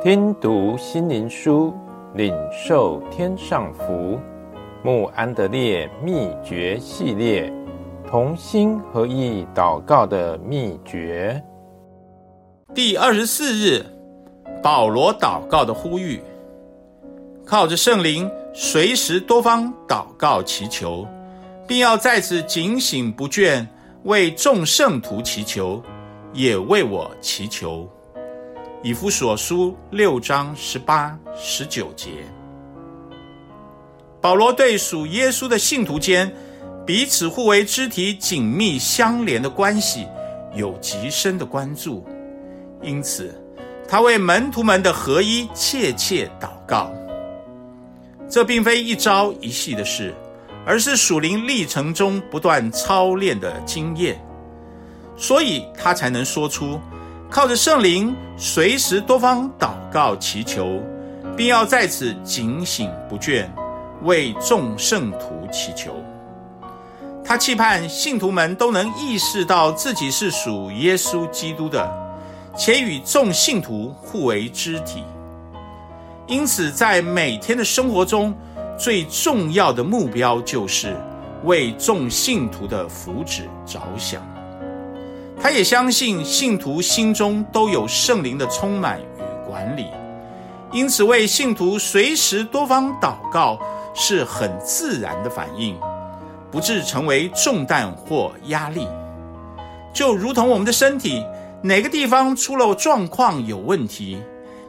聽讀心靈書，領受天上福。慕安德烈秘訣系列：同心合意禱告的秘訣。第二十四日，保羅禱告的呼籲。靠着聖靈，隨時多方禱告祈求，並要在此警醒不倦，為眾聖徒祈求，也為我祈求。以弗所書六章十八、十九節，保羅對屬耶穌的信徒間，彼此互為肢體緊密相連的關係有極深的關注，因此他為門徒們的合一切切禱告。這並非一朝一夕的事，而是屬靈歷程中不斷操練的經驗，所以他才能說出。靠着聖靈，隨時多方禱告祈求，並要在此警醒不倦，為眾聖徒祈求。他期盼信徒們都能意識到自己是屬耶穌基督的，且與眾信徒互為肢體。因此，在每天的生活中，最重要的目標就是為眾信徒的福祉着想。他也相信信徒心中都有聖靈的充滿與管理，因此為信徒隨時多方禱告是很自然的反應，不致成為重擔或壓力。就如同我們的身體，哪個地方出了狀況有問題，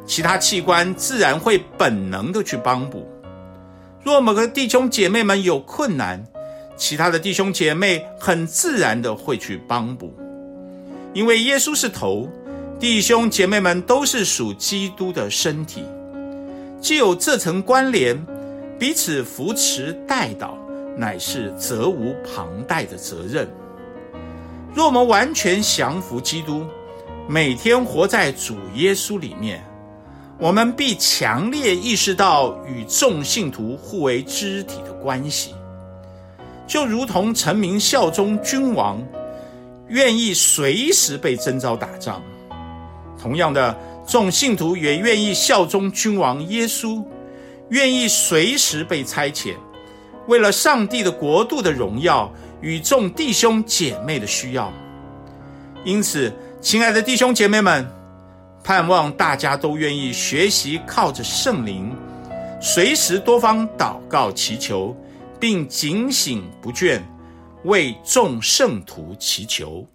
其他器官自然會本能地去幫補。若某個弟兄姐妹們有困難，其他的弟兄姐妹很自然地會去幫補。因為耶穌是頭，弟兄姐妹們都是屬基督的身體，既有這層關聯，彼此扶持代禱，乃是責無旁貸的責任。若我們完全降服基督，每天活在主耶穌裡面，我們必強烈意識到與眾信徒互為肢體的關係，就如同臣民效忠君王。願意隨時被徵召打仗，同樣的，眾信徒也願意效忠君王耶穌，願意隨時被差遣，為了上帝的國度的榮耀與眾弟兄姐妹的需要。因此，親愛的弟兄姐妹們，盼望大家都願意學習，靠着聖靈，隨時多方禱告祈求，並警醒不倦。為眾聖徒祈求。